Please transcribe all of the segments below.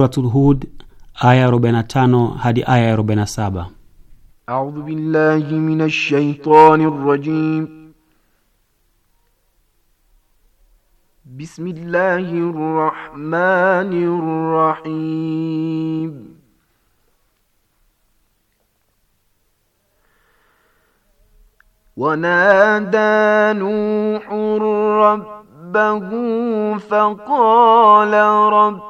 Suratul Hud aya 45 hadi aya 47. A'udhu billahi minash shaitani rajim. Bismillahir rahmanir rahim. ونادى نوح ربه فقال رب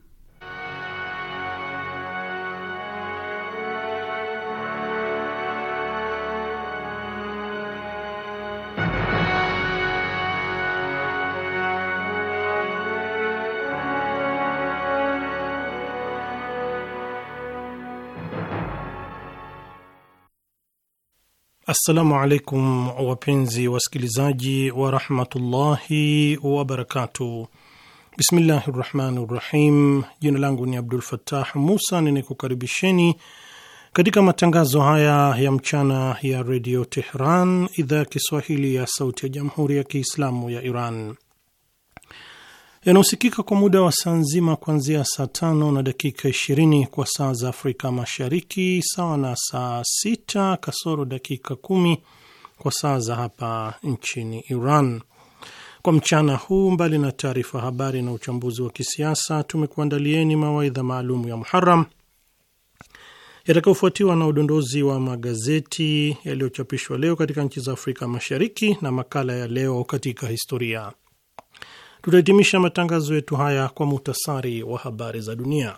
Assalamu alaikum wapenzi wasikilizaji warahmatullahi wabarakatuh. Bismillahi rahmani rahim. Jina langu ni Abdul Fattah Musa, ninakukaribisheni katika matangazo haya ya mchana ya redio Tehran, idhaa ya Kiswahili ya sauti ya jamhuri ya Kiislamu ya Iran yanaosikika kwa muda wa saa nzima kuanzia saa tano na dakika ishirini kwa saa za Afrika Mashariki, sawa na saa sita kasoro dakika kumi kwa saa za hapa nchini Iran. Kwa mchana huu, mbali na taarifa habari na uchambuzi wa kisiasa, tumekuandalieni mawaidha maalum ya Muharam yatakayofuatiwa na udondozi wa magazeti yaliyochapishwa leo katika nchi za Afrika Mashariki na makala ya leo katika historia. Tutahitimisha matangazo yetu haya kwa muhtasari wa habari za dunia.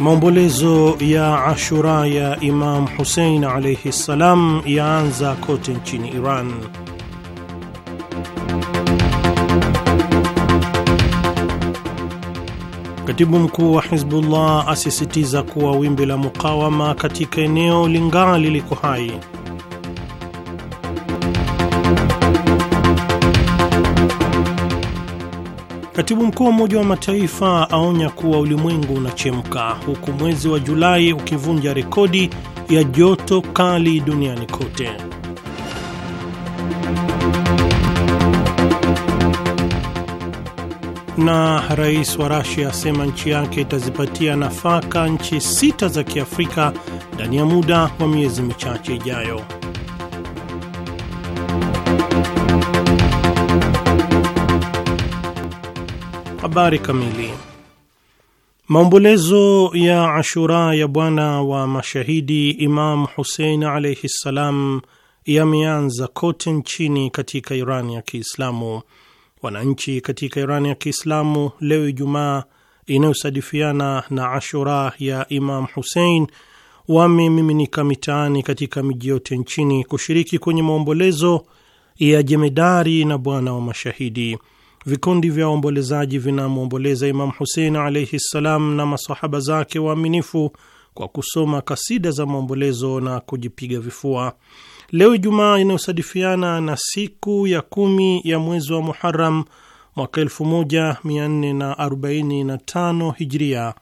Maombolezo ya Ashura ya Imam Husein alaihi ssalam yaanza kote nchini Iran. Katibu mkuu wa Hizbullah asisitiza kuwa wimbi la mukawama katika eneo lingali liko hai. Katibu mkuu wa Umoja wa Mataifa aonya kuwa ulimwengu unachemka huku mwezi wa Julai ukivunja rekodi ya joto kali duniani kote. Na rais wa Rasia asema nchi yake itazipatia nafaka nchi sita za Kiafrika ndani ya muda wa miezi michache ijayo. Habari kamili. Maombolezo ya Ashura ya Bwana wa Mashahidi Imam Husein alaihi ssalam yameanza kote nchini katika Iran ya Kiislamu. Wananchi katika Iran ya Kiislamu leo Ijumaa inayosadifiana na Ashura ya Imam Husein wamemiminika mitaani katika miji yote nchini kushiriki kwenye maombolezo ya jemedari na bwana wa mashahidi. Vikundi vya waombolezaji vinamwomboleza Imamu Husein alaihi ssalam na masahaba zake waaminifu kwa kusoma kasida za maombolezo na kujipiga vifua. Leo Ijumaa inayosadifiana na siku ya kumi ya mwezi wa Muharam mwaka 1445 Hijria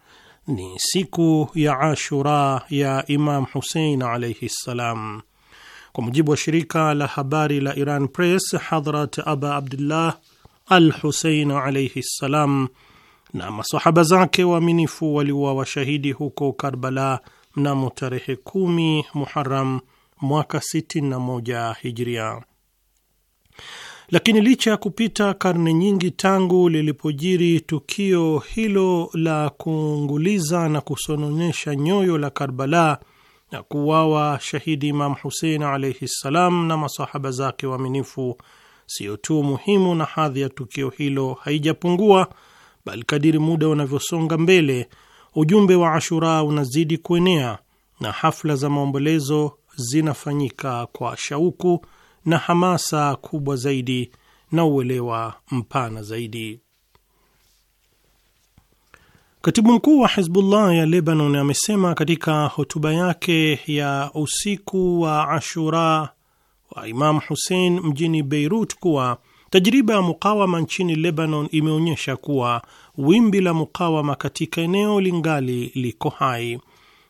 ni siku ya Ashura ya Imam Husein alaihi ssalam. Kwa mujibu wa shirika la habari la Iran Press, Hadhrat Aba Abdullah al Husein alaihi ssalam na masahaba zake waaminifu waliuawa washahidi huko Karbala mnamo tarehe kumi Muharam mwaka 61 Hijria. Lakini licha ya kupita karne nyingi tangu lilipojiri tukio hilo la kuunguliza na kusononesha nyoyo la Karbala na kuwawa shahidi Imam Husein alaihi ssalam na masahaba zake waaminifu Siyo tu muhimu na hadhi ya tukio hilo haijapungua, bali kadiri muda unavyosonga mbele, ujumbe wa Ashura unazidi kuenea na hafla za maombolezo zinafanyika kwa shauku na hamasa kubwa zaidi na uelewa mpana zaidi. Katibu mkuu wa Hizbullah ya Lebanon amesema katika hotuba yake ya usiku wa Ashura wa Imam Hussein mjini Beirut kuwa tajriba ya mukawama nchini Lebanon imeonyesha kuwa wimbi la mukawama katika eneo lingali liko hai.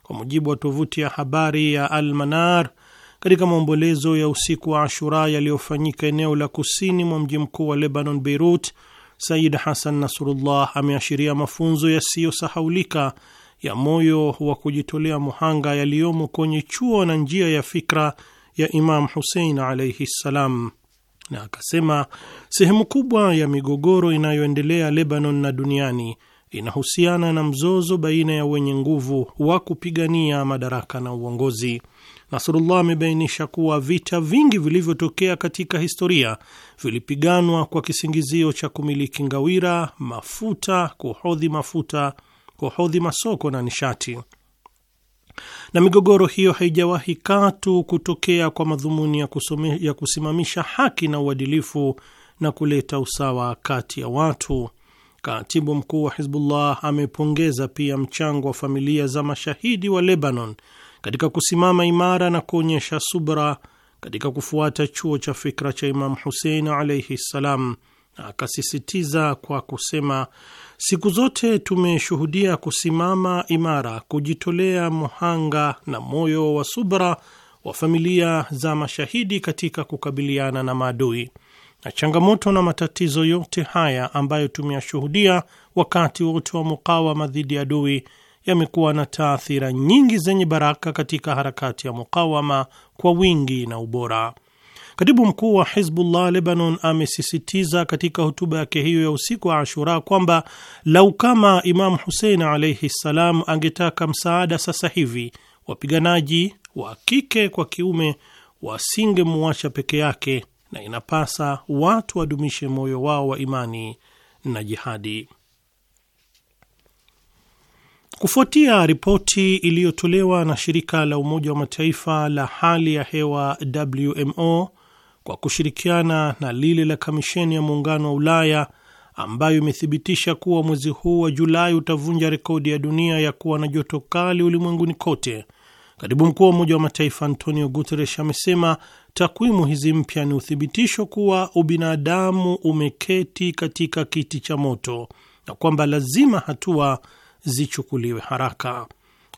Kwa mujibu wa tovuti ya habari ya Al-Manar, katika maombolezo ya usiku wa Ashura yaliyofanyika eneo la kusini mwa mji mkuu wa Lebanon, Beirut, Said hasan Nasrullah ameashiria mafunzo yasiyosahaulika ya moyo wa kujitolea muhanga yaliyomo kwenye chuo na njia ya fikra ya Imam Husein alaihi ssalam, na akasema sehemu kubwa ya migogoro inayoendelea Lebanon na duniani inahusiana na mzozo baina ya wenye nguvu wa kupigania madaraka na uongozi. Nasrullah amebainisha kuwa vita vingi vilivyotokea katika historia vilipiganwa kwa kisingizio cha kumiliki ngawira, mafuta, kuhodhi mafuta, kuhodhi masoko na nishati na migogoro hiyo haijawahi katu kutokea kwa madhumuni ya, kusome, ya kusimamisha haki na uadilifu na kuleta usawa kati ya watu. Katibu mkuu wa Hizbullah amepongeza pia mchango wa familia za mashahidi wa Lebanon katika kusimama imara na kuonyesha subra katika kufuata chuo cha fikra cha Imam Husein alaihi ssalam na akasisitiza kwa kusema, siku zote tumeshuhudia kusimama imara, kujitolea muhanga na moyo wa subra wa familia za mashahidi katika kukabiliana na maadui na changamoto na matatizo yote haya ambayo tumeyashuhudia wakati wote wa mukawama dhidi ya adui yamekuwa na taathira nyingi zenye baraka katika harakati ya mukawama kwa wingi na ubora. Katibu mkuu wa Hizbullah Lebanon amesisitiza katika hotuba yake hiyo ya usiku wa Ashura kwamba lau kama Imamu Husein alaihi ssalam angetaka msaada sasa hivi, wapiganaji wa kike kwa kiume wasingemwacha peke yake, na inapasa watu wadumishe moyo wao wa imani na jihadi. Kufuatia ripoti iliyotolewa na shirika la Umoja wa Mataifa la hali ya hewa WMO kwa kushirikiana na lile la Kamisheni ya Muungano wa Ulaya ambayo imethibitisha kuwa mwezi huu wa Julai utavunja rekodi ya dunia ya kuwa na joto kali ulimwenguni kote. Katibu mkuu wa Umoja wa Mataifa Antonio Guterres amesema takwimu hizi mpya ni uthibitisho kuwa ubinadamu umeketi katika kiti cha moto na kwamba lazima hatua zichukuliwe haraka.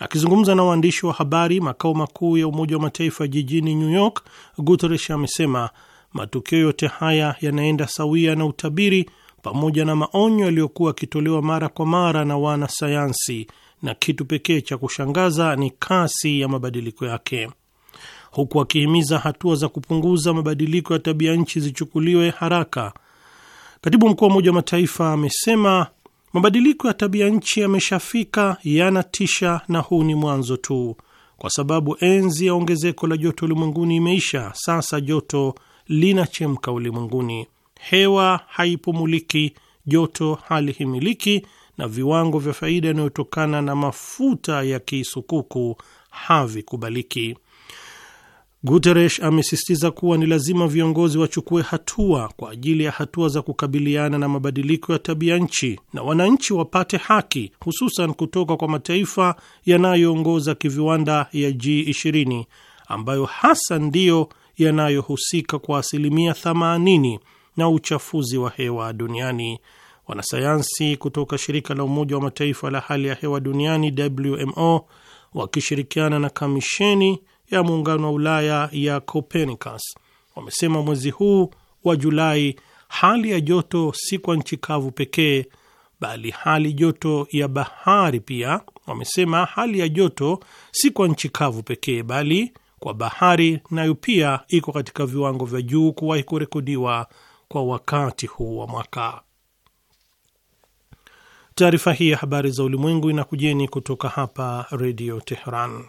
Akizungumza na waandishi wa habari makao makuu ya Umoja wa Mataifa jijini New York, Guterres amesema matukio yote haya yanaenda sawia na utabiri pamoja na maonyo yaliyokuwa yakitolewa mara kwa mara na wanasayansi, na kitu pekee cha kushangaza ni kasi ya mabadiliko yake, huku akihimiza hatua za kupunguza mabadiliko ya tabia nchi zichukuliwe haraka. Katibu mkuu wa Umoja wa Mataifa amesema Mabadiliko ya tabia nchi yameshafika, yanatisha, na huu ni mwanzo tu, kwa sababu enzi ya ongezeko la joto ulimwenguni imeisha. Sasa joto linachemka ulimwenguni, hewa haipumuliki, joto halihimiliki, na viwango vya faida inayotokana na mafuta ya kisukuku havikubaliki. Guterres amesisitiza kuwa ni lazima viongozi wachukue hatua kwa ajili ya hatua za kukabiliana na mabadiliko ya tabia nchi na wananchi wapate haki, hususan kutoka kwa mataifa yanayoongoza kiviwanda ya G20 ambayo hasa ndiyo yanayohusika kwa asilimia 80 na uchafuzi wa hewa duniani. Wanasayansi kutoka shirika la Umoja wa Mataifa la hali ya hewa duniani WMO wakishirikiana na kamisheni ya muungano wa Ulaya ya Copernicus wamesema mwezi huu wa Julai hali ya joto si kwa nchi kavu pekee, bali hali joto ya bahari pia. Wamesema hali ya joto si kwa nchi kavu pekee, bali kwa bahari nayo pia iko katika viwango vya juu kuwahi kurekodiwa kwa wakati huu wa mwaka. Taarifa hii ya habari za ulimwengu inakujeni kutoka hapa Redio Teheran.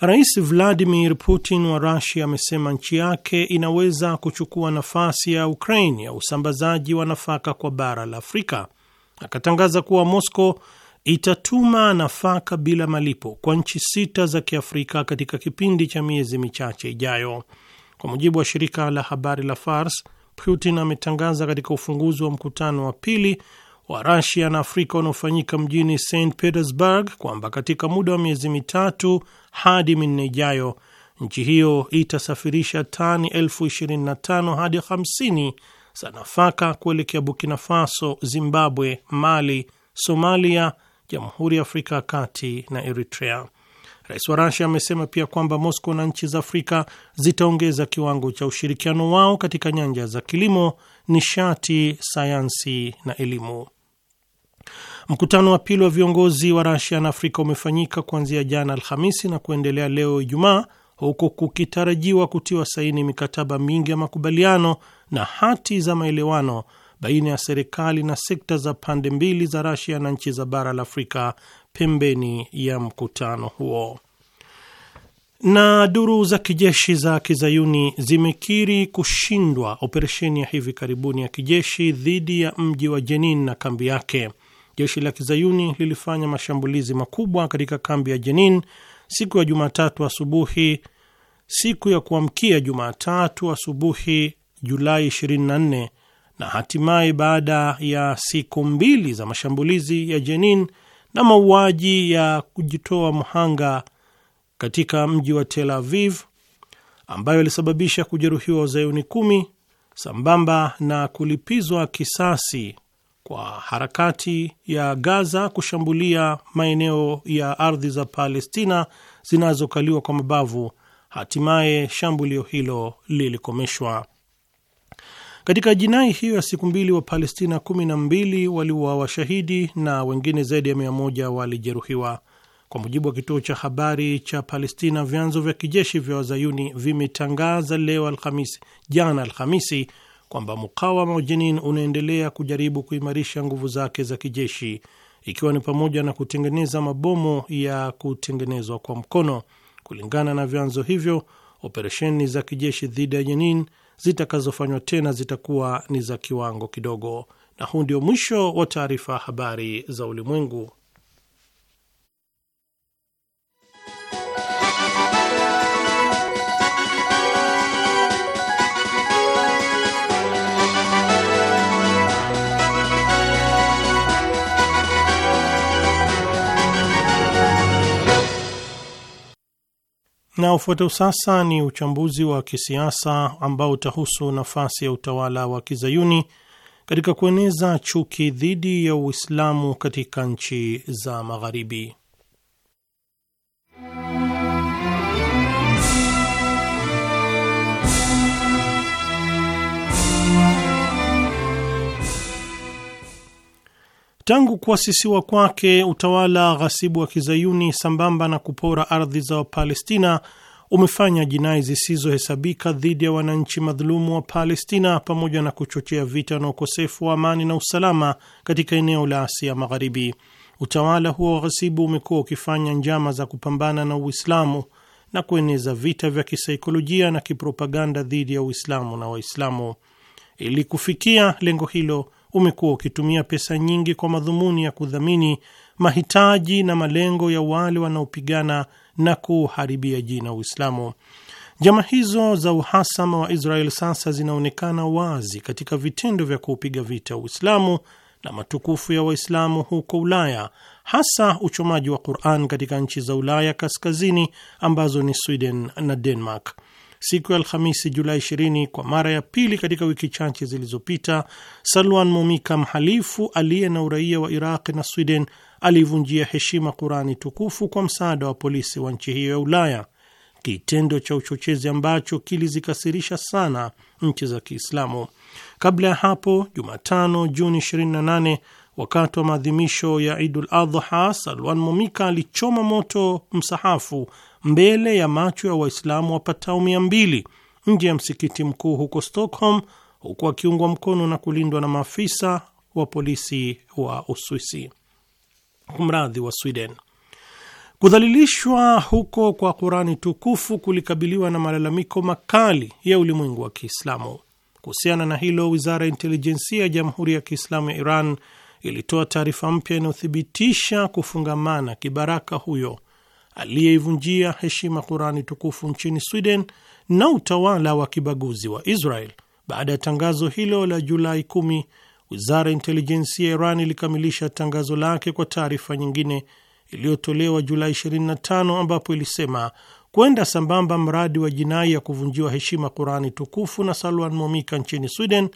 Rais Vladimir Putin wa Rusia amesema nchi yake inaweza kuchukua nafasi ya Ukraine ya usambazaji wa nafaka kwa bara la Afrika. Akatangaza kuwa Moscow itatuma nafaka bila malipo kwa nchi sita za Kiafrika katika kipindi cha miezi michache ijayo. Kwa mujibu wa shirika la habari la Fars, Putin ametangaza katika ufunguzi wa mkutano wa pili wa Rasia na Afrika unaofanyika mjini St Petersburg kwamba katika muda wa miezi mitatu hadi minne ijayo nchi hiyo itasafirisha tani elfu 25 hadi 50 za nafaka kuelekea Burkina Faso, Zimbabwe, Mali, Somalia, Jamhuri ya Afrika ya Kati na Eritrea. Rais wa Rasia amesema pia kwamba Moscow na nchi za Afrika zitaongeza kiwango cha ushirikiano wao katika nyanja za kilimo, nishati, sayansi na elimu. Mkutano wa pili wa viongozi wa Rasia na Afrika umefanyika kuanzia jana Alhamisi na kuendelea leo Ijumaa, huku kukitarajiwa kutiwa saini mikataba mingi ya makubaliano na hati za maelewano baina ya serikali na sekta za pande mbili za Rasia na nchi za bara la Afrika pembeni ya mkutano huo. Na duru za kijeshi za kizayuni zimekiri kushindwa operesheni ya hivi karibuni ya kijeshi dhidi ya mji wa Jenin na kambi yake. Jeshi la kizayuni lilifanya mashambulizi makubwa katika kambi ya Jenin siku ya Jumatatu asubuhi, siku ya kuamkia Jumatatu asubuhi Julai 24 na hatimaye baada ya siku mbili za mashambulizi ya Jenin na mauaji ya kujitoa mhanga katika mji wa Tel Aviv ambayo ilisababisha kujeruhiwa wazayuni kumi sambamba na kulipizwa kisasi kwa harakati ya Gaza kushambulia maeneo ya ardhi za Palestina zinazokaliwa kwa mabavu, hatimaye shambulio hilo lilikomeshwa. Katika jinai hiyo ya siku mbili, wa Palestina 12 waliuawa shahidi na wengine zaidi ya 100 walijeruhiwa, kwa mujibu wa kituo cha habari cha Palestina. Vyanzo vya kijeshi vya Wazayuni vimetangaza leo Alhamisi, jana Alhamisi, kwamba mukawama wa Jenin unaendelea kujaribu kuimarisha nguvu zake za kijeshi, ikiwa ni pamoja na kutengeneza mabomu ya kutengenezwa kwa mkono. Kulingana na vyanzo hivyo, operesheni za kijeshi dhidi ya Jenin zitakazofanywa tena zitakuwa ni za kiwango kidogo. Na huu ndio mwisho wa taarifa habari za ulimwengu. Na ufuatao sasa ni uchambuzi wa kisiasa ambao utahusu nafasi ya utawala wa kizayuni katika kueneza chuki dhidi ya Uislamu katika nchi za Magharibi. Tangu kuasisiwa kwake utawala ghasibu wa kizayuni sambamba na kupora ardhi za Wapalestina umefanya jinai zisizohesabika dhidi ya wananchi madhulumu wa Palestina pamoja na kuchochea vita na ukosefu wa amani na usalama katika eneo la Asia Magharibi. Utawala huo wa ghasibu umekuwa ukifanya njama za kupambana na Uislamu na kueneza vita vya kisaikolojia na kipropaganda dhidi ya Uislamu na Waislamu. Ili kufikia lengo hilo umekuwa ukitumia pesa nyingi kwa madhumuni ya kudhamini mahitaji na malengo ya wale wanaopigana na kuharibia jina Uislamu. Njama hizo za uhasama wa Israel sasa zinaonekana wazi katika vitendo vya kuupiga vita Uislamu na matukufu ya Waislamu huko Ulaya, hasa uchomaji wa Quran katika nchi za Ulaya kaskazini ambazo ni Sweden na Denmark siku ya Alhamisi Julai 20 kwa mara ya pili katika wiki chache zilizopita, Salwan Momika mhalifu aliye na uraia wa Iraq na Sweden alivunjia heshima Kurani tukufu kwa msaada wa polisi wa nchi hiyo ya Ulaya, kitendo cha uchochezi ambacho kilizikasirisha sana nchi za Kiislamu. Kabla ya hapo, Jumatano Juni 28 wakati wa maadhimisho ya Idul Adha, Salwan Momika alichoma moto msahafu mbele ya macho ya Waislamu wapatao mia mbili nje ya msikiti mkuu huko Stockholm, huku akiungwa mkono na kulindwa na maafisa wa polisi wa Uswisi, mradhi wa Sweden. Kudhalilishwa huko kwa Kurani tukufu kulikabiliwa na malalamiko makali ya ulimwengu wa Kiislamu. Kuhusiana na hilo, wizara ya intelijensia ya Jamhuri ya Kiislamu ya Iran ilitoa taarifa mpya inayothibitisha kufungamana kibaraka huyo aliyeivunjia heshima Kurani tukufu nchini Sweden na utawala wa kibaguzi wa Israel. Baada ya tangazo hilo la Julai 10, wizara ya intelijensia ya Iran ilikamilisha tangazo lake kwa taarifa nyingine iliyotolewa Julai 25, ambapo ilisema kwenda sambamba mradi wa jinai ya kuvunjiwa heshima Kurani tukufu na Salwan Momika nchini Sweden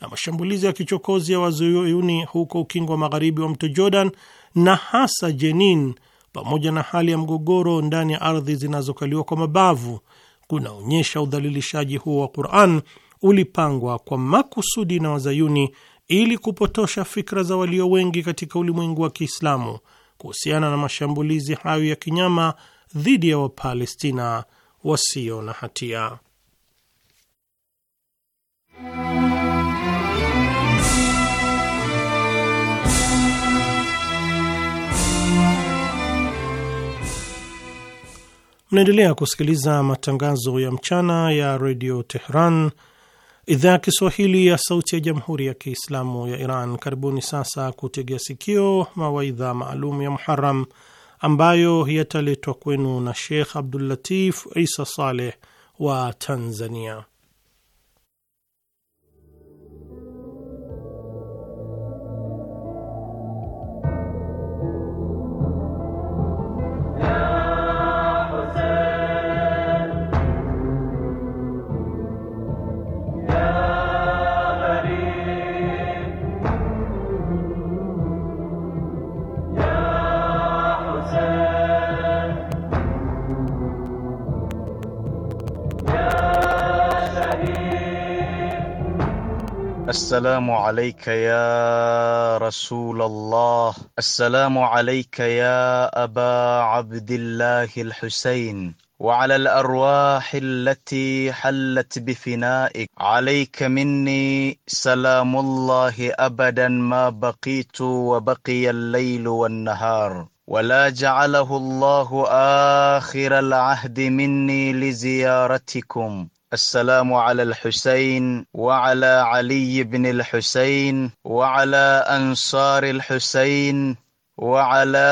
na mashambulizi ya kichokozi ya wazuyuni huko ukingo wa magharibi wa mto Jordan na hasa Jenin pamoja na hali ya mgogoro ndani ya ardhi zinazokaliwa kwa mabavu kunaonyesha udhalilishaji huo wa Quran ulipangwa kwa makusudi na wazayuni ili kupotosha fikra za walio wengi katika ulimwengu wa Kiislamu kuhusiana na mashambulizi hayo ya kinyama dhidi ya Wapalestina wasio na hatia. Mnaendelea kusikiliza matangazo ya mchana ya redio Tehran, idhaa ya Kiswahili ya sauti ya jamhuri ya Kiislamu ya Iran. Karibuni sasa kutegea sikio mawaidha maalum ya Muharam ambayo yataletwa kwenu na Sheikh Abdulatif Isa Saleh wa Tanzania. السلام عليك يا رسول الله السلام عليك يا أبا عبد الله الحسين وعلى الأرواح التي حلت بفنائك عليك مني سلام الله أبدا ما بقيت وبقي الليل والنهار ولا جعله الله آخر العهد مني لزيارتكم السلام على الحسين وعلى علي بن الحسين وعلى انصار الحسين وعلى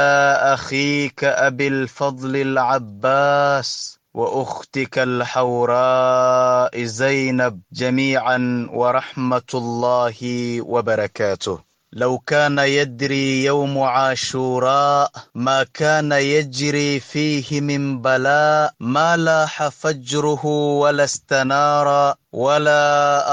اخيك ابي الفضل العباس واختك الحوراء زينب جميعا ورحمه الله وبركاته لو كان يدري يوم عاشوراء ما كان يجري فيه من بلاء ما لاح فجره ولا استنار ولا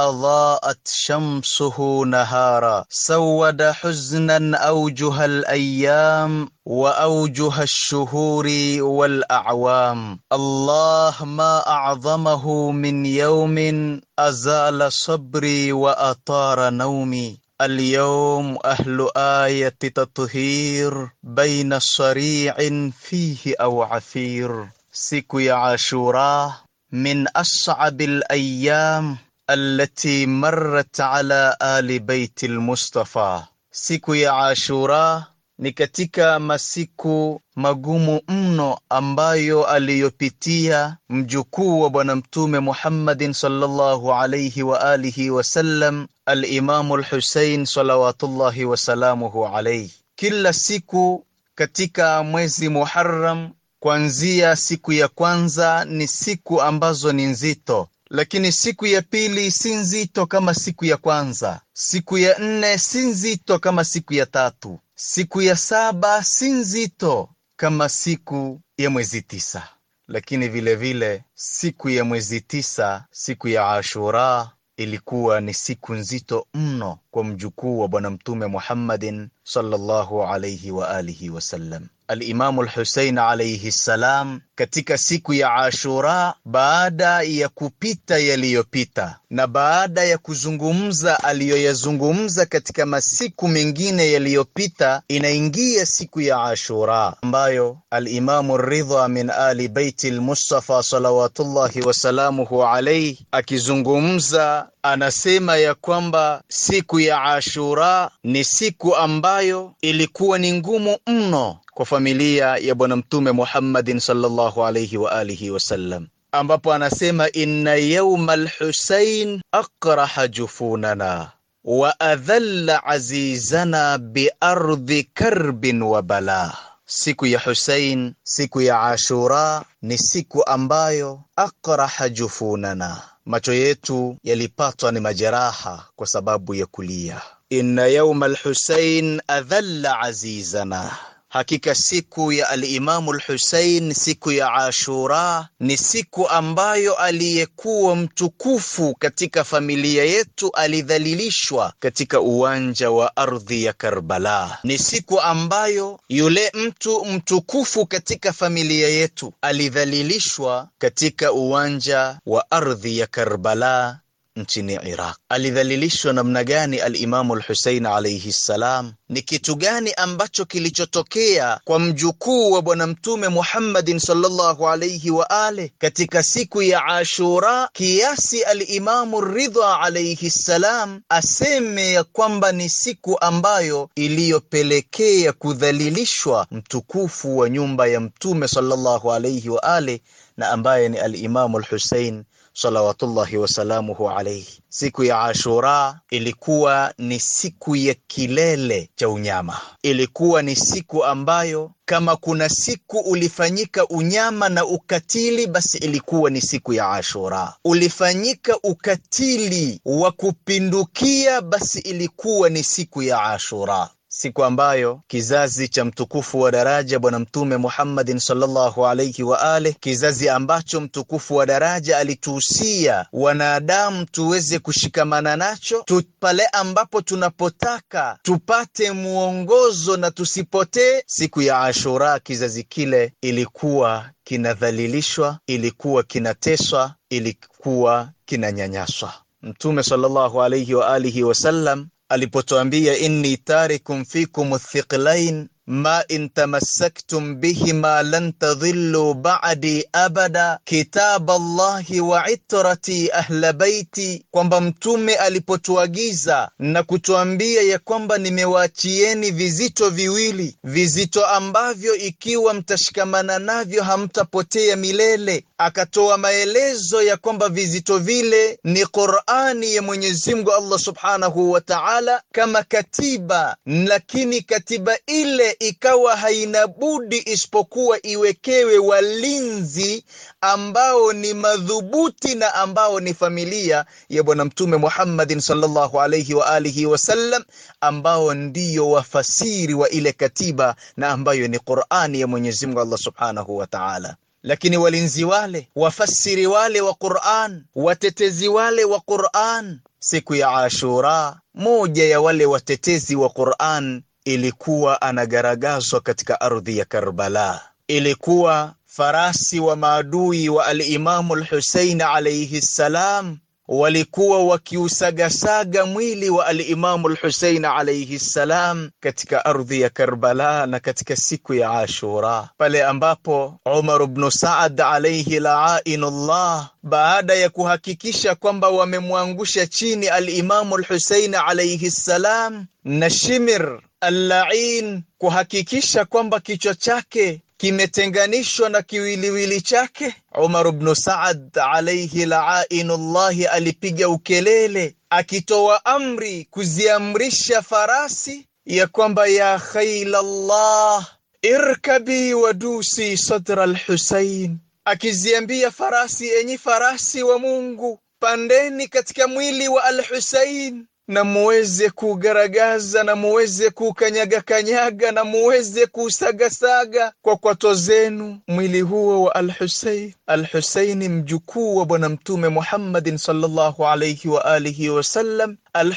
أضاءت شمسه نهارا سود حزنا أوجه الأيام وأوجه الشهور والأعوام الله ما أعظمه من يوم أزال صبري وأطار نومي اليوم أهل آية تطهير بين صريع فيه أو عثير siku يا Ashura من أصعب الأيام التي مرت على آل بيت المصطفى siku ya Ni katika masiku magumu mno ambayo aliyopitia mjukuu wa Bwana Mtume Muhammadin sallallahu alayhi wa alihi wasallam, Al-Imamu al salawatullahi wasalamuhu alayhi. Kila siku katika mwezi Muharram, kuanzia siku ya kwanza ni siku ambazo ni nzito lakini siku ya pili si nzito kama siku ya kwanza. Siku ya nne si nzito kama siku ya tatu. Siku ya saba si nzito kama siku ya mwezi tisa, lakini vile vile siku ya mwezi tisa, siku ya Ashura ilikuwa ni siku nzito mno kwa mjukuu wa Bwana Mtume Muhammadin sallallahu alayhi wa alihi wasallam. Alimamu Lhusein alayhi salam katika siku ya Ashura baada ya kupita yaliyopita na baada ya kuzungumza aliyoyazungumza katika masiku mengine yaliyopita, inaingia siku ya Ashura ambayo Alimamu Ridha min ali baiti lmustafa salawatullahi wasalamuhu alaihi akizungumza anasema ya kwamba siku ya Ashura ni siku ambayo ilikuwa ni ngumu mno kwa familia ya Bwana Mtume Muhammadin sallallahu sallallahu alayhi wa alihi wasallam, ambapo anasema inna yauma lhusain akraha jufunana wa adhalla azizana biardhi karbin wa bala. Siku ya Husain, siku ya Ashura ni siku ambayo akraha jufunana, macho yetu yalipatwa ni majeraha kwa sababu ya kulia. Inna yauma lhusain adhalla azizana Hakika siku ya Alimamu Lhusein, siku ya Ashura, ni siku ambayo aliyekuwa mtukufu katika familia yetu alidhalilishwa katika uwanja wa ardhi ya Karbala. Ni siku ambayo yule mtu mtukufu katika familia yetu alidhalilishwa katika uwanja wa ardhi ya Karbala nchini Iraq. Alidhalilishwa namna gani Alimamu Lhusein alaihi ssalam? Ni kitu gani ambacho kilichotokea kwa mjukuu wa Bwana Mtume Muhammadin sallallahu alaihi wa ale katika siku ya Ashura kiasi Alimamu Ridha alaihi ssalam aseme ya kwamba ni siku ambayo iliyopelekea kudhalilishwa mtukufu wa nyumba ya Mtume sallallahu alaihi wa ale na ambaye ni Alimamu Lhusein al salawatullahi wasalamuhu alaihi. Siku ya Ashura ilikuwa ni siku ya kilele cha unyama, ilikuwa ni siku ambayo kama kuna siku ulifanyika unyama na ukatili, basi ilikuwa ni siku ya Ashura. Ulifanyika ukatili wa kupindukia, basi ilikuwa ni siku ya Ashura siku ambayo kizazi cha mtukufu wa daraja Bwana Mtume Muhammadin sallallahu alayhi wa ali, kizazi ambacho mtukufu wa daraja alituhusia wanadamu tuweze kushikamana nacho tu pale ambapo tunapotaka tupate mwongozo na tusipotee. Siku ya Ashura, kizazi kile ilikuwa kinadhalilishwa, ilikuwa kinateswa, ilikuwa kinanyanyaswa. Mtume sallallahu alayhi wa alihi wasallam alipotuambia inni tarikum fikum thiqlain ma in tamassaktum bihima lan tadhillu ba'di abada kitaba Allahi wa itrati ahla baiti, kwamba Mtume alipotuagiza na kutuambia ya kwamba nimewaachieni vizito viwili, vizito ambavyo ikiwa mtashikamana navyo hamtapotea milele, akatoa maelezo ya kwamba vizito vile ni Qur'ani ya Mwenyezi Mungu Allah Subhanahu wa Ta'ala, kama katiba, lakini katiba ile ikawa haina budi isipokuwa iwekewe walinzi ambao ni madhubuti na ambao ni familia ya Bwana Mtume Muhammadin sallallahu alayhi wa alihi wasallam, ambao ndiyo wafasiri wa ile katiba na ambayo ni Qur'ani ya Mwenyezi Mungu Allah subhanahu wa ta'ala. Lakini walinzi wale, wafasiri wale wa Qur'an, watetezi wale wa Qur'an, siku ya Ashura, moja ya wale watetezi wa Qur'an ilikuwa anagaragazwa katika ardhi ya Karbala. Ilikuwa farasi wa maadui wa alimamu Lhusein alaihi ssalam, walikuwa wakiusagasaga mwili wa alimamu Lhusein alaihi ssalam katika ardhi ya Karbala na katika siku ya Ashura, pale ambapo Umar bnu Saad alaihi laainullah baada ya kuhakikisha kwamba wamemwangusha chini alimamu Lhusein alaihi ssalam na Shimir Allain, kuhakikisha kwamba kichwa chake kimetenganishwa na kiwiliwili chake. Umar bnu Saad alaihi laa'inullahi alipiga ukelele akitoa amri, kuziamrisha farasi ya kwamba ya khailallah irkabi wadusi sadra lhusain, akiziambia farasi, enyi farasi wa Mungu, pandeni katika mwili wa Alhusain na muweze kugaragaza na muweze kukanyaga kanyaga na muweze kusagasaga kwa kwato zenu mwili huo wa Al-Husayn. al mjukuu wa Bwana Mtume Muhammadin sallallahu alayhi wa alihi wasallam. al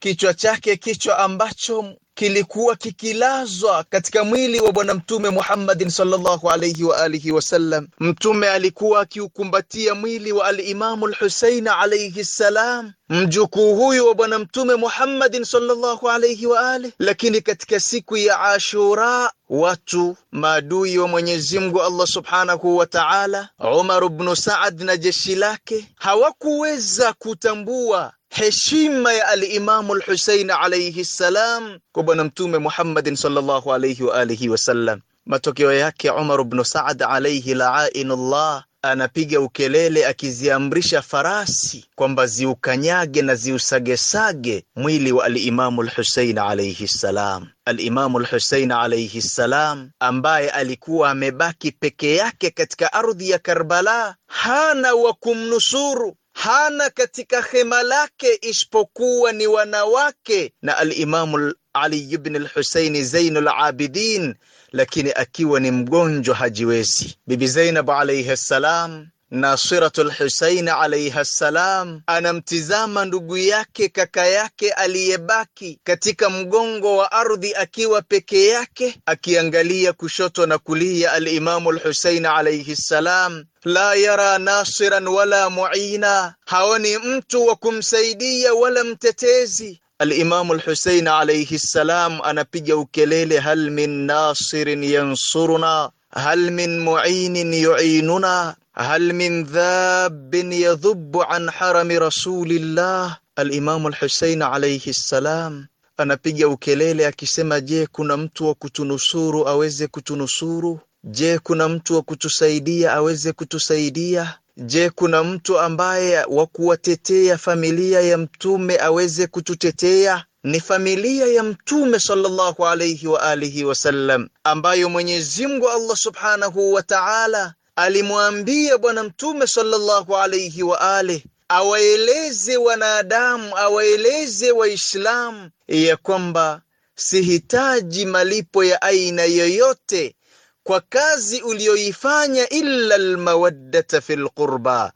kichwa chake kichwa ambacho kilikuwa kikilazwa katika mwili wa Bwana Mtume Muhammadin sallallahu alayhi wa alihi wasallam. Mtume alikuwa akiukumbatia mwili wa alimamu Lhusein alayhi ssalam, mjukuu huyu wa Bwana Mtume Muhammadin sallallahu alayhi wa alihi. Lakini katika siku ya Ashura watu maadui wa Mwenyezi Mungu Allah subhanahu wa taala, Umar bnu Saad na jeshi lake hawakuweza kutambua heshima ya alimamu Alhusein alayhi salam kwa bwana mtume Muhammadin sallallahu alayhi wa alihi wasallam. Matokeo yake Umar ibn Saad alayhi laainullah anapiga ukelele akiziamrisha farasi kwamba ziukanyage na ziusagesage mwili wa alimamu Alhusein alayhi salam. Alimamu lhusein alayhi salam ambaye alikuwa amebaki peke yake katika ardhi ya Karbala, hana wa kumnusuru hana katika hema lake isipokuwa ni wanawake na alimamu Ali ibn al-Husaini Zainul Abidin, lakini akiwa ni mgonjwa hajiwezi. Bibi Zainab alayhi salam Nasiratul Husaini alayha salam anamtizama ndugu yake kaka yake aliyebaki katika mgongo wa ardhi akiwa peke yake, akiangalia kushoto na kulia. Alimamu Alhusaini alayhi salam la yara nasiran wala muina, haoni mtu wa kumsaidia wala mtetezi. Alimamu Alhusaini alayhi salam anapiga ukelele, hal min nasirin yansuruna hal min muinin yuinuna hal min dhabin yadhubu an harami rasulillah. Alimamu Alhusein alaihi ssalam anapiga ukelele akisema, je, kuna mtu wa kutunusuru aweze kutunusuru? Je, kuna mtu wa kutusaidia aweze kutusaidia? Je, kuna mtu ambaye wa kuwatetea familia ya mtume aweze kututetea? Ni familia ya mtume sallallahu alayhi wa alihi wasallam, ambayo Mwenyezi Mungu Allah subhanahu wa ta'ala alimwambia Bwana Mtume sallallahu alayhi wa alihi awaeleze wanadamu, awaeleze Waislamu ya kwamba sihitaji malipo ya aina yoyote kwa kazi uliyoifanya, illa almawaddata fi lqurba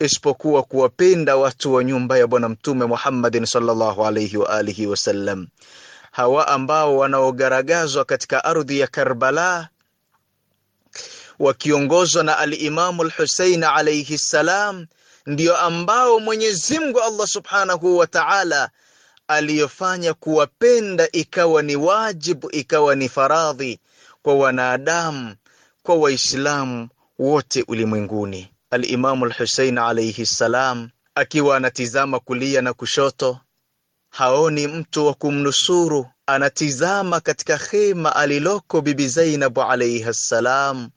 isipokuwa kuwapenda watu wa nyumba ya Bwana Mtume Muhammadin sallallahu alayhi wa alihi wasallam, hawa ambao wanaogaragazwa katika ardhi ya Karbala wakiongozwa na alimamu al-Husein alayhi salam, ndio ambao Mwenyezi Mungu Allah subhanahu wa ta'ala aliyofanya kuwapenda ikawa ni wajibu, ikawa ni faradhi kwa wanadamu, kwa Waislamu wote ulimwenguni. Alimamu al-Husein alayhi salam akiwa anatizama kulia na kushoto, haoni mtu wa kumnusuru, anatizama katika khema aliloko Bibi Zainabu alayha salam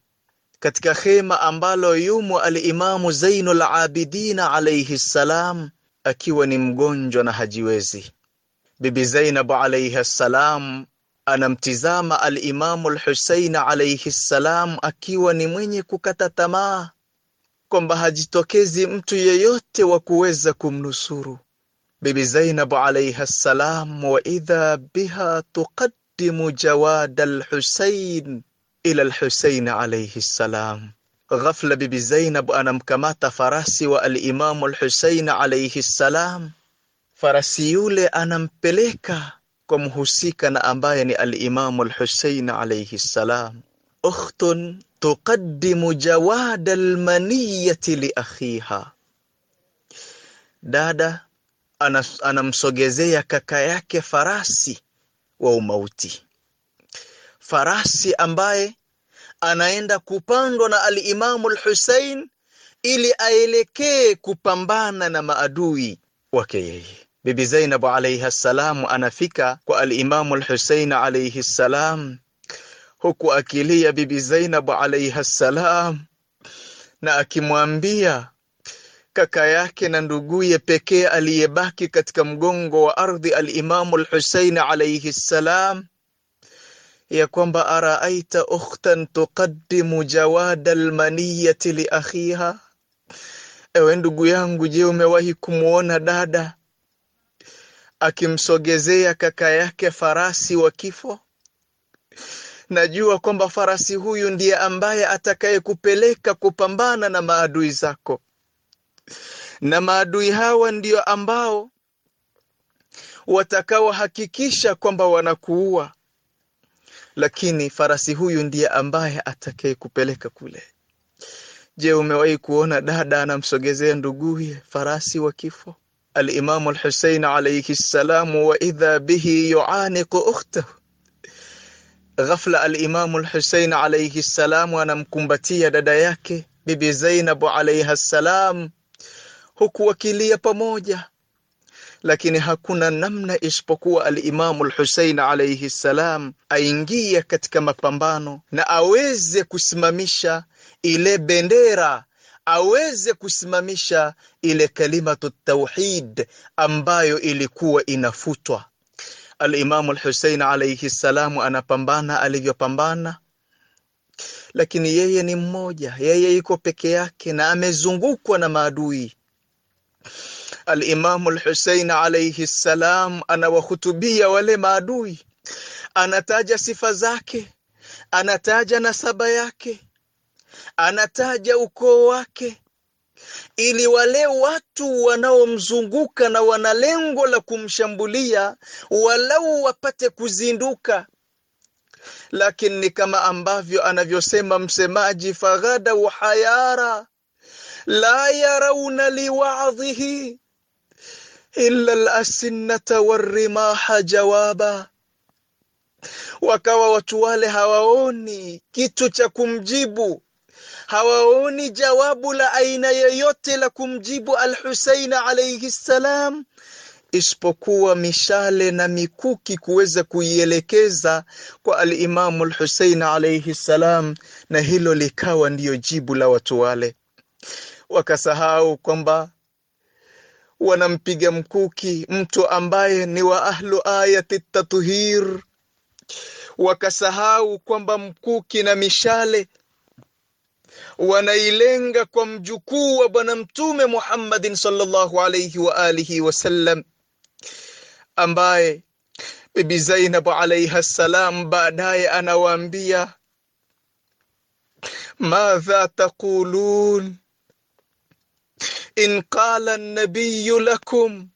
katika hema ambalo yumo alimamu Zainul Abidina alayhi salam akiwa ni mgonjwa na hajiwezi. Bibi Zainab alayhi salam anamtizama alimamu Al-Husayn alayhi salam akiwa ni mwenye kukata tamaa kwamba hajitokezi mtu yeyote wa kuweza kumnusuru. Bibi Zainab alayha salam, wa idha biha tuqaddimu jawad al إلى الحسين عليه السلام غفل بيبي زينب أنا مكمات فراسي والإمام الحسين عليه السلام فراسي يولي أنا مبليكا كم هسيكنا أمبايني الإمام الحسين عليه السلام أخت تقدم جواد المنية لأخيها دادا أنا أنا مسوجزيا كاكاياكي فراسي وموتي farasi ambaye anaenda kupandwa na alimamu al-Hussein ili aelekee kupambana na maadui wake yeye Bibi Zainab alayha salam anafika kwa alimamu imamu al-Hussein alayhi salam huku akilia Bibi Zainab alayha salam na akimwambia kaka yake na nduguye pekee aliyebaki katika mgongo wa ardhi alimamu imamu al-Hussein alayhi salam ya kwamba araaita ukhtan tuqaddimu jawada almaniyati li akhiha, ewe ndugu yangu, je, umewahi kumwona dada akimsogezea kaka yake farasi wa kifo? Najua kwamba farasi huyu ndiye ambaye atakayekupeleka kupambana na maadui zako, na maadui hawa ndio ambao watakaohakikisha kwamba wanakuua lakini farasi huyu ndiye ambaye kupeleka kule. Je, umewahi kuona dada anamsogezea nduguye farasi wa kifo? Alimamu lhusein alaihi salamu, wa idha bihi yuaniqu ukhtahu. Ghafla Alimamu lhusein alaihi salamu anamkumbatia dada yake Bibi Zainabu alaihi salam, huku wakilia pamoja lakini hakuna namna isipokuwa alimamu Lhusein alaihi ssalam aingie katika mapambano na aweze kusimamisha ile bendera aweze kusimamisha ile kalimatu tauhid ambayo ilikuwa inafutwa. Alimamu Lhusein alaihi ssalamu anapambana alivyopambana, lakini yeye ni mmoja, yeye iko peke yake na amezungukwa na maadui Alimamu lhusein alaihi ssalam anawahutubia wale maadui, anataja sifa zake, anataja nasaba yake, anataja ukoo wake, ili wale watu wanaomzunguka na wana lengo la kumshambulia walau wapate kuzinduka lakini ni kama ambavyo anavyosema msemaji faghadau hayara, لا يرون لوعظه إلا الأسنة والرماح jawaba wakawa watu wale hawaoni kitu cha kumjibu hawaoni jawabu la aina yoyote la kumjibu al-Husayn alayhi salam isipokuwa mishale na mikuki kuweza kuielekeza kwa al-Imamu al-Husayn alayhi salam na hilo likawa ndiyo jibu la watu wale wakasahau kwamba wanampiga mkuki mtu ambaye ni wa ahlu ayati tathir, wakasahau kwamba mkuki na mishale wanailenga kwa mjukuu wa Bwana Mtume Muhammadin sallallahu alayhi wa alihi wasallam, ambaye Bibi Zainab alayha salam baadaye anawaambia madha taqulun in إن قال النبي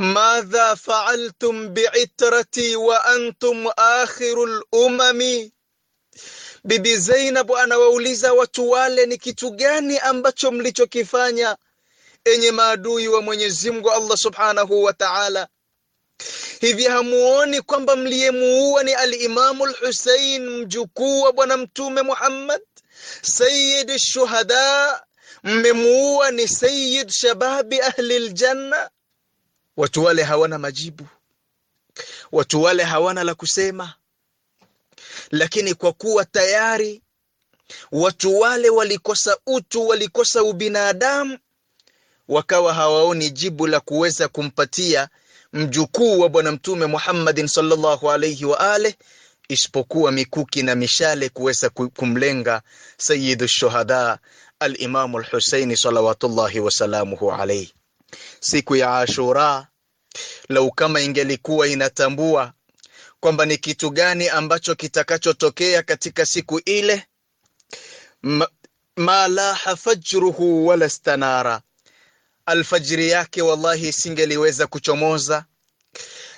madha faaltum biitrati wa antum آخر الأمم Bibi Zainab anawauliza watu wale, ni kitu gani ambacho mlichokifanya enye maadui wa Mwenyezi Mungu Allah Subhanahu wa Ta'ala? Hivi hamuoni kwamba mliyemuua ni al imam al-Hussein mjukuu wa bwana mtume Muhammad, sayyid shuhada mmemuua ni sayyid shababi ahli ljanna. Watu wale hawana majibu, watu wale hawana la kusema, lakini kwa kuwa tayari watu wale walikosa utu, walikosa ubinadamu, wakawa hawaoni jibu la kuweza kumpatia mjukuu wa Bwana Mtume Muhammadin sallallahu alayhi wa alihi isipokuwa mikuki na mishale kuweza kumlenga sayyidu shuhada al-Imamu al-Husaini salawatullahi wasalamuhu alayhi. Siku ya Ashura lau kama ingelikuwa inatambua kwamba ni kitu gani ambacho kitakachotokea katika siku ile, ma, ma laha fajruhu wala stanara, alfajiri yake wallahi isingeliweza kuchomoza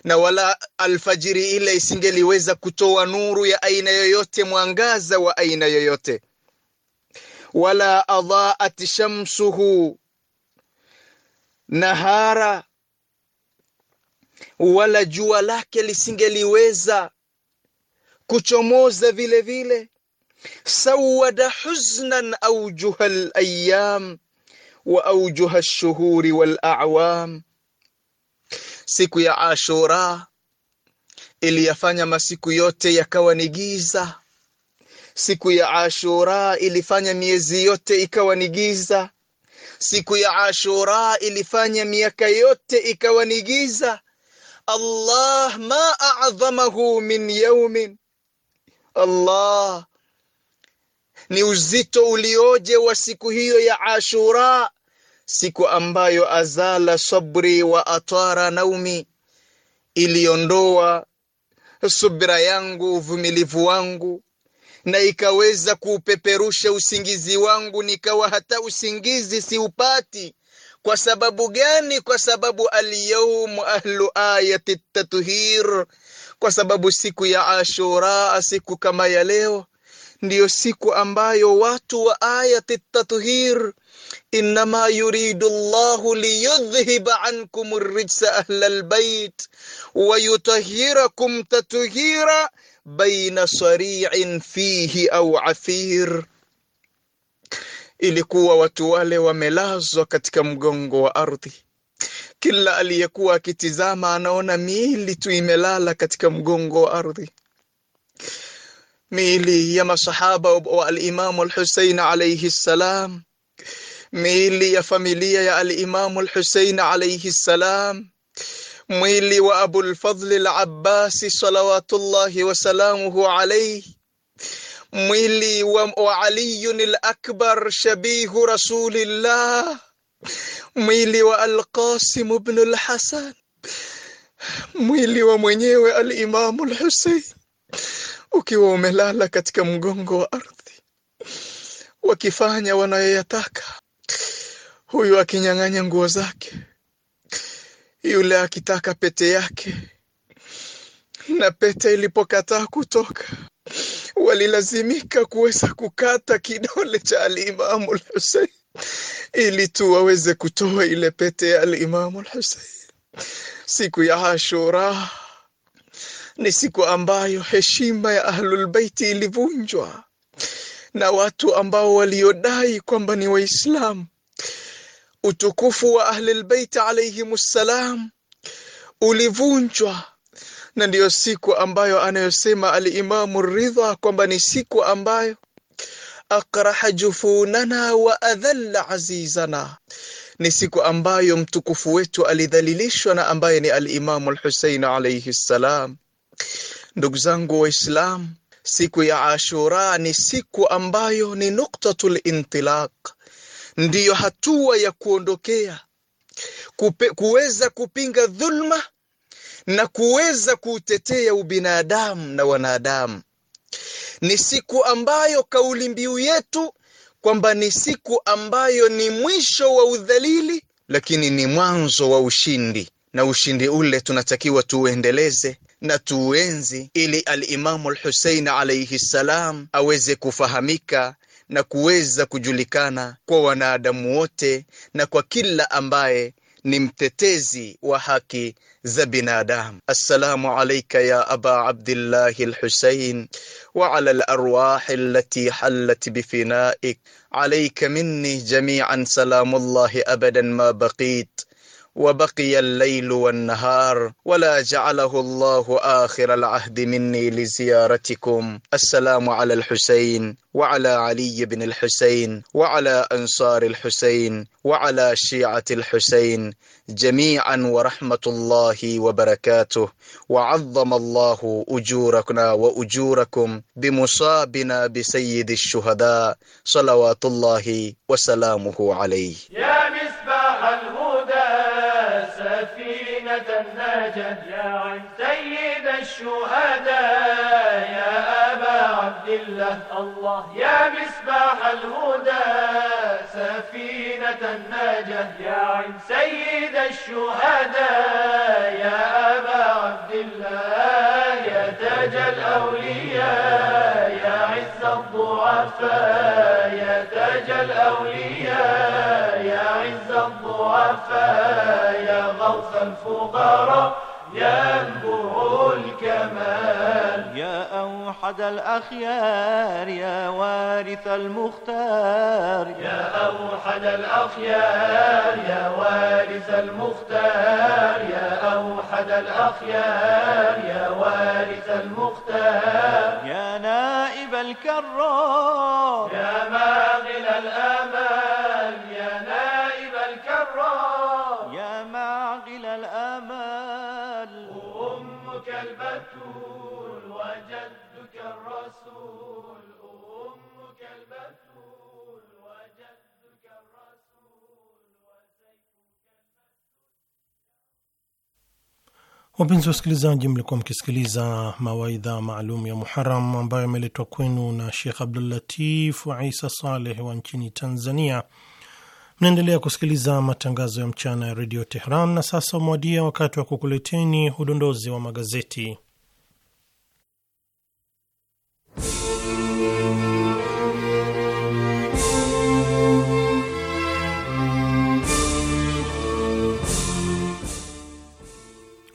na wala alfajiri ile isingeliweza kutoa nuru ya aina yoyote, mwangaza wa aina yoyote wala adhaat shamsuhu nahara, wala jua lake lisingeliweza kuchomoza vile vile. Sawada huznan aujuha alayam wa aujuha wal a'wam Siku ya Ashura iliyafanya masiku yote yakawa ni giza Siku ya Ashura ilifanya miezi yote ikawa ni giza. Siku ya Ashura ilifanya miaka yote ikawa ni giza. Allah ma a'zamahu min yaumin, Allah ni uzito ulioje wa siku hiyo ya Ashura, siku ambayo azala sabri wa atara naumi, iliondoa subira yangu, uvumilivu wangu na ikaweza kuupeperusha usingizi wangu, nikawa hata usingizi siupati. Kwa sababu gani? Kwa sababu alyaumu ahlu ayati tathir, kwa sababu siku ya Ashura, siku kama ya leo ndiyo siku ambayo watu wa ayati tathir, inma yuridu llahu liyudhhiba ankum rijsa ahla lbait wayutahirakum tathira baina sari'in fihi au athir ilikuwa watu wale wamelazwa katika mgongo wa ardhi kila aliyekuwa akitizama anaona miili tu imelala katika mgongo wa ardhi miili ya masahaba wa al-Imam al-Hussein alayhi salam miili ya familia ya al-Imam al-Hussein alayhi salam mwili wa Abulfadhli Al-Abbasi salawatullahi wasalamuhu alaihi, mwili wa, wa Aliyun Al-Akbar shabihu Rasulillah, mwili wa Alqasimu bnu Lhasan, mwili wa mwenyewe Alimamu Lhusein ukiwa umelala katika mgongo wa ardhi, wakifanya wanayoyataka, huyu akinyang'anya nguo zake yule akitaka pete yake, na pete ilipokataa kutoka walilazimika kuweza kukata kidole cha alimamu Lhusein ili tu waweze kutoa ile pete ya alimamu Lhusein. Siku ya Ashura ni siku ambayo heshima ya Ahlulbeiti ilivunjwa na watu ambao waliodai kwamba ni Waislamu utukufu wa Ahlilbeiti alaihimussalam ulivunjwa na ndiyo siku ambayo anayosema alimamu Ridha kwamba ni siku ambayo akraha jufunana wa adhalla azizana, ni siku ambayo mtukufu wetu alidhalilishwa na ambaye ni alimamu Alhusein alaihi ssalam. Ndugu zangu waislam siku ya Ashura ni siku ambayo ni nuktatul intilaq ndiyo hatua ya kuondokea kupe, kuweza kupinga dhulma na kuweza kuutetea ubinadamu na wanadamu. Ni siku ambayo kauli mbiu yetu kwamba ni siku ambayo ni mwisho wa udhalili, lakini ni mwanzo wa ushindi, na ushindi ule tunatakiwa tuuendeleze na tuuenzi, ili alimamu lhusein alaihi ssalam aweze kufahamika na kuweza kujulikana kwa wanadamu wote na kwa kila ambaye ni mtetezi wa haki za binadamu. Assalamu alayka ya aba Abdillahi al-Husayn wa ala al-arwah allati hallat bi alayka minni jami'an salamullahi abadan ma baqit وبقي الليل والنهار ولا جعله الله آخر العهد مني لزيارتكم السلام على الحسين وعلى علي بن الحسين وعلى أنصار الحسين وعلى شيعة الحسين جميعا ورحمة الله وبركاته وعظم الله أجوركنا وأجوركم بمصابنا بسيد الشهداء صلوات الله وسلامه عليه يا سيد الشهداء يا أبا عبد الله يا تاج الأولياء يا عز الضعفاء يا تاج الأولياء يا عز الضعفاء يا غوث الفقراء يا أنبوع الكمال يا أوحد الأخيار يا وارث المختار يا أوحد الأخيار يا وارث المختار يا أوحد الأخيار يا وارث المختار يا نائب الكرار يا ماغل Wapenzi wasikilizaji, mlikuwa mkisikiliza mawaidha maalum ya Muharam ambayo yameletwa kwenu na Shekh Abdulatif Isa Saleh wa nchini Tanzania. Mnaendelea kusikiliza matangazo ya mchana ya Redio Tehran, na sasa umewadia wakati wa kukuleteni udondozi wa magazeti.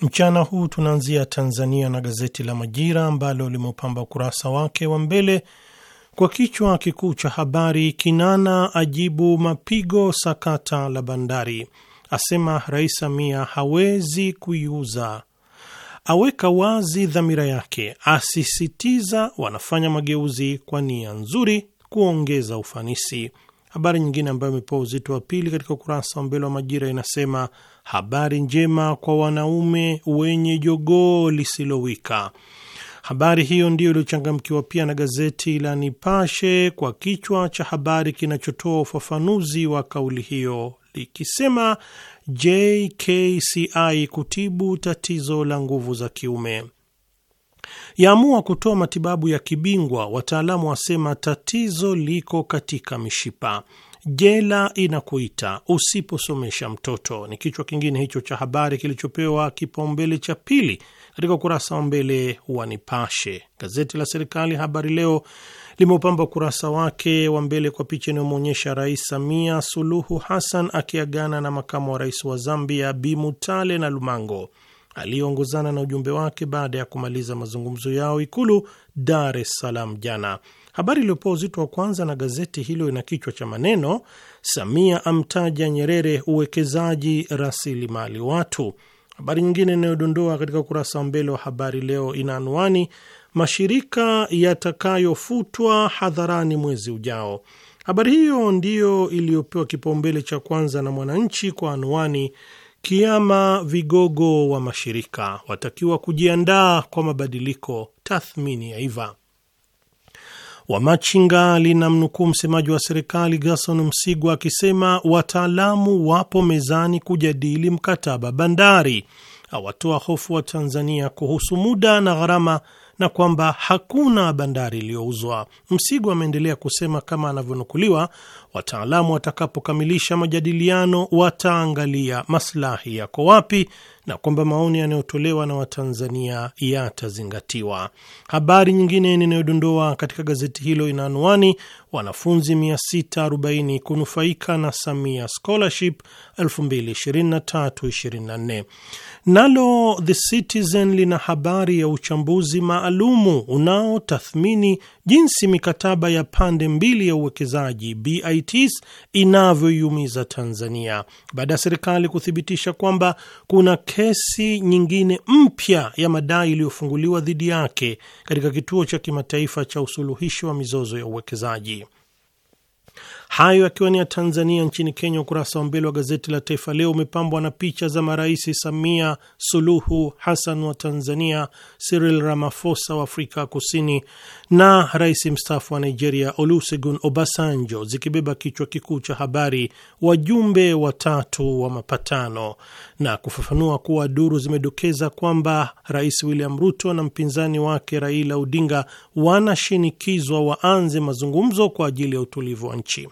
Mchana huu tunaanzia Tanzania na gazeti la Majira ambalo limeupamba ukurasa wake wa mbele kwa kichwa kikuu cha habari, Kinana ajibu mapigo sakata la bandari, asema Rais Samia hawezi kuiuza, aweka wazi dhamira yake, asisitiza wanafanya mageuzi kwa nia nzuri kuongeza ufanisi. Habari nyingine ambayo imepewa uzito wa pili katika ukurasa wa mbele wa Majira inasema habari njema kwa wanaume wenye jogoo lisilowika. Habari hiyo ndiyo iliyochangamkiwa pia na gazeti la Nipashe kwa kichwa cha habari kinachotoa ufafanuzi wa kauli hiyo likisema JKCI kutibu tatizo la nguvu za kiume, yaamua kutoa matibabu ya kibingwa, wataalamu wasema tatizo liko katika mishipa. Jela inakuita usiposomesha mtoto ni kichwa kingine hicho cha habari kilichopewa kipaumbele cha pili katika ukurasa wa mbele wa Nipashe. Gazeti la serikali Habari Leo limeupamba ukurasa wake wa mbele kwa picha inayomwonyesha Rais Samia Suluhu Hassan akiagana na makamu wa rais wa Zambia Bi Mutale na Lumango aliyeongozana na ujumbe wake baada ya kumaliza mazungumzo yao Ikulu Dar es Salaam jana. Habari iliyopewa uzito wa kwanza na gazeti hilo ina kichwa cha maneno Samia amtaja Nyerere uwekezaji rasilimali watu. Habari nyingine inayodondoa katika ukurasa wa mbele wa Habari Leo ina anwani mashirika yatakayofutwa hadharani mwezi ujao. Habari hiyo ndiyo iliyopewa kipaumbele cha kwanza na Mwananchi kwa anwani kiama vigogo wa mashirika watakiwa kujiandaa kwa mabadiliko, tathmini ya iva Wamachinga linamnukuu msemaji wa serikali gason Msigwa akisema wataalamu wapo mezani kujadili mkataba bandari. Awatoa hofu wa Tanzania kuhusu muda na gharama na kwamba hakuna bandari iliyouzwa. Msigo ameendelea kusema kama anavyonukuliwa, wataalamu watakapokamilisha majadiliano wataangalia maslahi yako wapi na kwamba maoni yanayotolewa na Watanzania yatazingatiwa. Habari nyingine ninayodondoa katika gazeti hilo ina anwani wanafunzi 640 kunufaika na Samia Scholarship 2023/24. Nalo The Citizen lina habari ya uchambuzi maalumu unaotathmini jinsi mikataba ya pande mbili ya uwekezaji BITs inavyoiumiza Tanzania baada ya serikali kuthibitisha kwamba kuna kesi nyingine mpya ya madai iliyofunguliwa dhidi yake katika kituo cha kimataifa cha usuluhishi wa mizozo ya uwekezaji. Hayo akiwa ni ya Tanzania. Nchini Kenya, ukurasa wa mbele wa gazeti la Taifa Leo umepambwa na picha za marais Samia Suluhu Hassan wa Tanzania, Cyril Ramaphosa wa Afrika Kusini na rais mstaafu wa Nigeria Olusegun Obasanjo, zikibeba kichwa kikuu cha habari wajumbe watatu wa mapatano, na kufafanua kuwa duru zimedokeza kwamba Rais William Ruto na mpinzani wake Raila Odinga wanashinikizwa waanze mazungumzo kwa ajili ya utulivu wa nchi.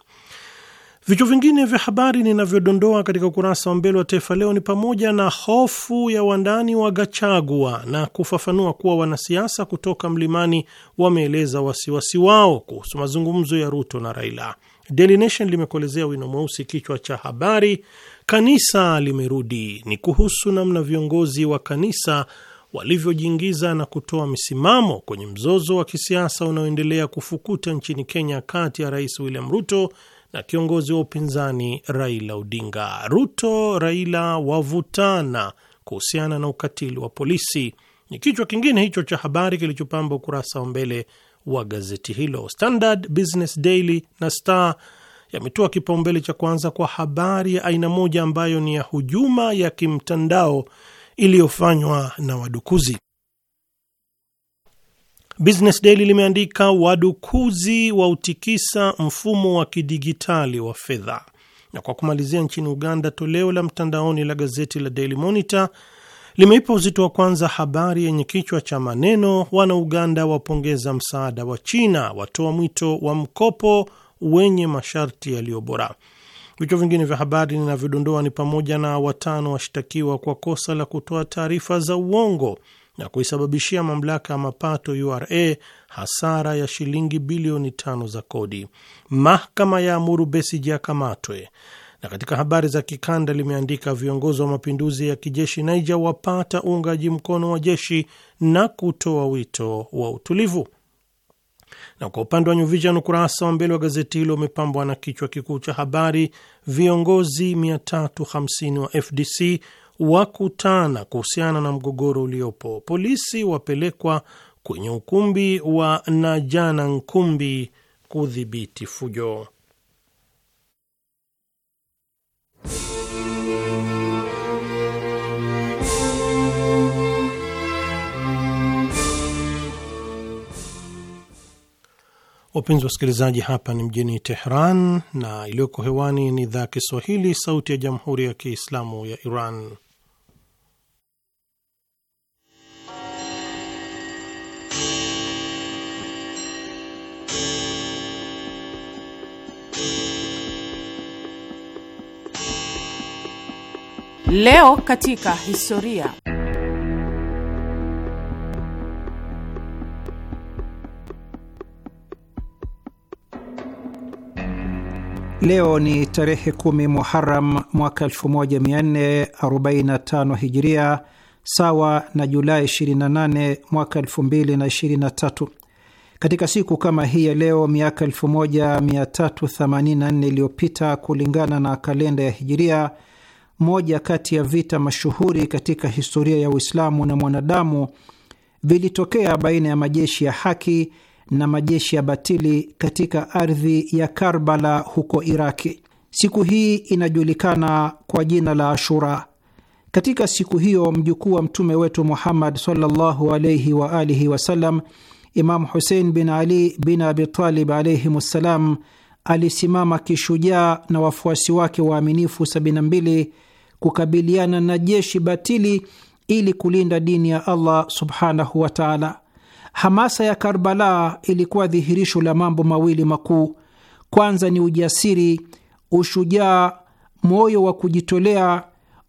Vichwa vingine vya habari ninavyodondoa katika ukurasa wa mbele wa Taifa Leo ni pamoja na hofu ya wandani wa Gachagua na kufafanua kuwa wanasiasa kutoka Mlimani wameeleza wasiwasi wao kuhusu mazungumzo ya Ruto na Raila. Daily Nation wino mweusi kichwa cha habari, kanisa limerudi, ni kuhusu namna viongozi wa kanisa walivyojiingiza na kutoa misimamo kwenye mzozo wa kisiasa unaoendelea kufukuta nchini Kenya kati ya Rais William Ruto na kiongozi wa upinzani Raila Odinga. Ruto Raila wavutana kuhusiana na ukatili wa polisi, ni kichwa kingine hicho cha habari kilichopamba ukurasa wa mbele wa gazeti hilo. Standard, Business Daily na Star yametoa kipaumbele cha kwanza kwa habari ya aina moja ambayo ni ya hujuma ya kimtandao iliyofanywa na wadukuzi. Business Daily limeandika wadukuzi wa utikisa mfumo wa kidijitali wa fedha. Na kwa kumalizia, nchini Uganda, toleo la mtandaoni la gazeti la Daily Monitor limeipa uzito wa kwanza habari yenye kichwa cha maneno wana Uganda wapongeza msaada wa China, watoa mwito wa mkopo wenye masharti yaliyo bora. Vichwa vingine vya habari ninavyodondoa ni pamoja na watano washtakiwa kwa kosa la kutoa taarifa za uongo na kuisababishia mamlaka ya mapato URA hasara ya shilingi bilioni tano za kodi. Mahakama ya amuru Besigye akamatwe. Na katika habari za kikanda limeandika viongozi wa mapinduzi ya kijeshi Niger wapata uungaji mkono wa jeshi na kutoa wito wa utulivu. Na kwa upande wa New Vision, ukurasa wa mbele wa gazeti hilo umepambwa na kichwa kikuu cha habari, viongozi 350 wa FDC wakutana kuhusiana na mgogoro uliopo. Polisi wapelekwa kwenye ukumbi wa Najana Nkumbi kudhibiti fujo. Wapenzi wasikilizaji, hapa ni mjini Tehran na iliyoko hewani ni idhaa ya Kiswahili, sauti ya jamhuri ya kiislamu ya Iran. Leo katika historia. Leo ni tarehe kumi Muharam mwaka 1445 Hijiria, sawa na Julai 28 mwaka 2023. Katika siku kama hii ya leo miaka 1384 iliyopita kulingana na kalenda ya Hijiria moja kati ya vita mashuhuri katika historia ya Uislamu na mwanadamu, vilitokea baina ya majeshi ya haki na majeshi ya batili katika ardhi ya Karbala huko Iraki. Siku hii inajulikana kwa jina la Ashura. Katika siku hiyo mjukuu wa mtume wetu Muhammad sallallahu alaihi wa alihi wasallam, Imamu Husein bin Ali bin Abitalib alaihim ssalam, alisimama kishujaa na wafuasi wake waaminifu kukabiliana na jeshi batili ili kulinda dini ya Allah subhanahu wa taala. Hamasa ya Karbala ilikuwa dhihirisho la mambo mawili makuu. Kwanza ni ujasiri, ushujaa, moyo wa kujitolea,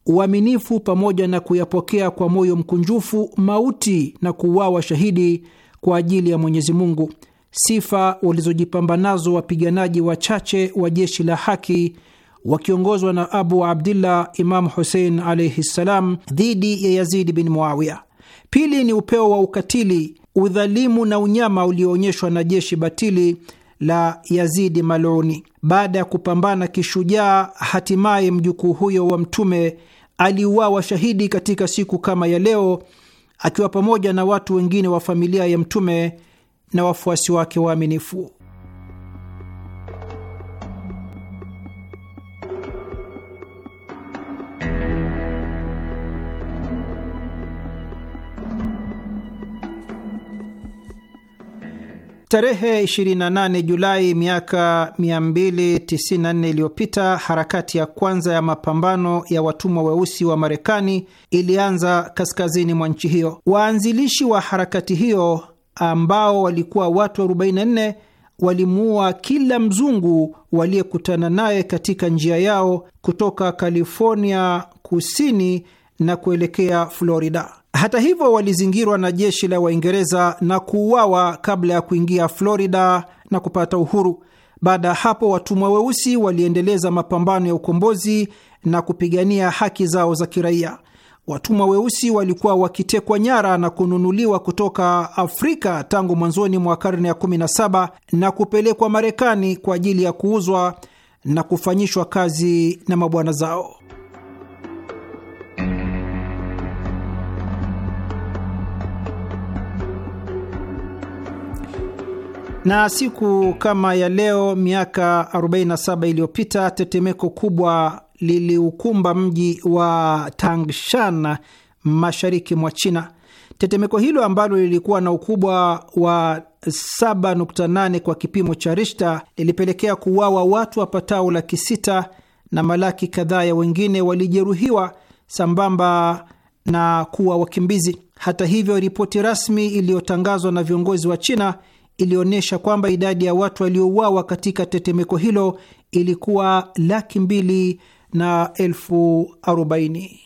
uaminifu, pamoja na kuyapokea kwa moyo mkunjufu mauti na kuuawa shahidi kwa ajili ya Mwenyezi Mungu, sifa walizojipamba nazo wapiganaji wachache wa jeshi la haki wakiongozwa na Abu Abdillah Imamu Husein alaihi ssalam dhidi ya Yazidi bin Muawiya. Pili ni upeo wa ukatili, udhalimu na unyama ulioonyeshwa na jeshi batili la Yazidi maluni. Baada ya kupambana kishujaa, hatimaye mjukuu huyo wa Mtume aliuawa shahidi katika siku kama ya leo akiwa pamoja na watu wengine wa familia ya Mtume na wafuasi wake waaminifu. Tarehe 28 Julai miaka 294 iliyopita, harakati ya kwanza ya mapambano ya watumwa weusi wa Marekani ilianza kaskazini mwa nchi hiyo. Waanzilishi wa harakati hiyo ambao walikuwa watu 44 walimuua kila mzungu waliyekutana naye katika njia yao kutoka California kusini na kuelekea Florida. Hata hivyo, walizingirwa na jeshi la Waingereza na kuuawa kabla ya kuingia Florida na kupata uhuru. Baada ya hapo, watumwa weusi waliendeleza mapambano ya ukombozi na kupigania haki zao za kiraia. Watumwa weusi walikuwa wakitekwa nyara na kununuliwa kutoka Afrika tangu mwanzoni mwa karne ya 17 na kupelekwa Marekani kwa ajili ya kuuzwa na kufanyishwa kazi na mabwana zao. Na siku kama ya leo miaka 47 iliyopita tetemeko kubwa liliukumba mji wa Tangshan mashariki mwa China. Tetemeko hilo ambalo lilikuwa na ukubwa wa 7.8 kwa kipimo cha Rishta lilipelekea kuuawa watu wapatao laki sita na malaki kadhaa ya wengine walijeruhiwa sambamba na kuwa wakimbizi. Hata hivyo, ripoti rasmi iliyotangazwa na viongozi wa China ilionyesha kwamba idadi ya watu waliouawa katika tetemeko hilo ilikuwa laki mbili na elfu arobaini.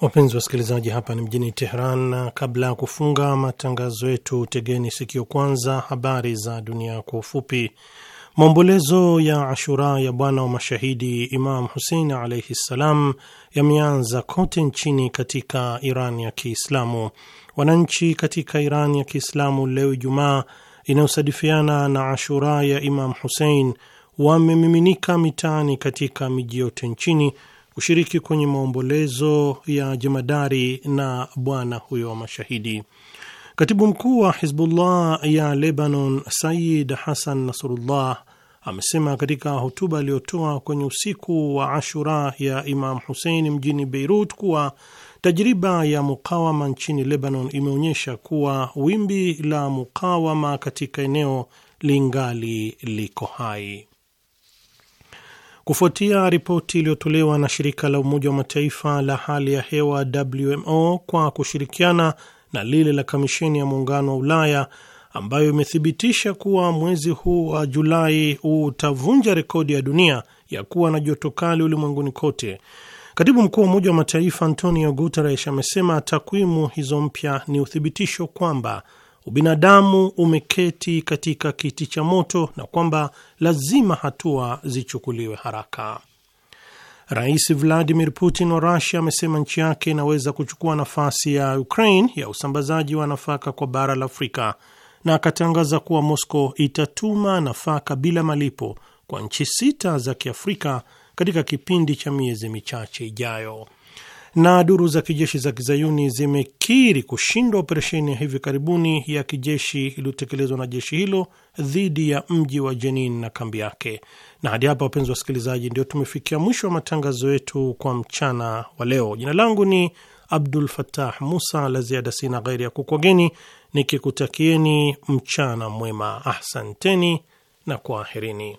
Wapenzi wasikilizaji, hapa ni mjini Teheran, na kabla ya kufunga matangazo yetu, tegeni sikio kwanza habari za dunia kwa ufupi. Maombolezo ya Ashura ya bwana wa mashahidi Imam Husein alaihi ssalam yameanza kote nchini katika Iran ya Kiislamu. Wananchi katika Iran ya Kiislamu leo Ijumaa inayosadifiana na Ashura ya Imam Husein wamemiminika mitaani katika miji yote nchini kushiriki kwenye maombolezo ya jemadari na bwana huyo wa mashahidi. Katibu mkuu wa Hizbullah ya Lebanon Sayid Hasan Nasrullah amesema katika hotuba aliyotoa kwenye usiku wa Ashura ya Imam Husein mjini Beirut kuwa tajriba ya mukawama nchini Lebanon imeonyesha kuwa wimbi la mukawama katika eneo lingali liko hai kufuatia ripoti iliyotolewa na shirika la Umoja wa Mataifa la hali ya hewa WMO kwa kushirikiana na lile la Kamisheni ya Muungano wa Ulaya ambayo imethibitisha kuwa mwezi huu wa Julai utavunja rekodi ya dunia ya kuwa na joto kali ulimwenguni kote. Katibu mkuu wa Umoja wa Mataifa Antonio Guterres amesema takwimu hizo mpya ni uthibitisho kwamba ubinadamu umeketi katika kiti cha moto na kwamba lazima hatua zichukuliwe haraka. Rais Vladimir Putin wa Rusia amesema nchi yake inaweza kuchukua nafasi ya Ukraine ya usambazaji wa nafaka kwa bara la Afrika na akatangaza kuwa Moscow itatuma nafaka bila malipo kwa nchi sita za Kiafrika katika kipindi cha miezi michache ijayo. Na duru za kijeshi za kizayuni zimekiri kushindwa operesheni ya hivi karibuni ya kijeshi iliyotekelezwa na jeshi hilo dhidi ya mji wa Jenin na kambi yake. Na hadi hapa, wapenzi wasikilizaji, ndio tumefikia mwisho wa matangazo yetu kwa mchana wa leo. Jina langu ni Abdul fatah Musa. La ziada sina ghairi ya kukwageni nikikutakieni mchana mwema. Ahsanteni na kwaherini.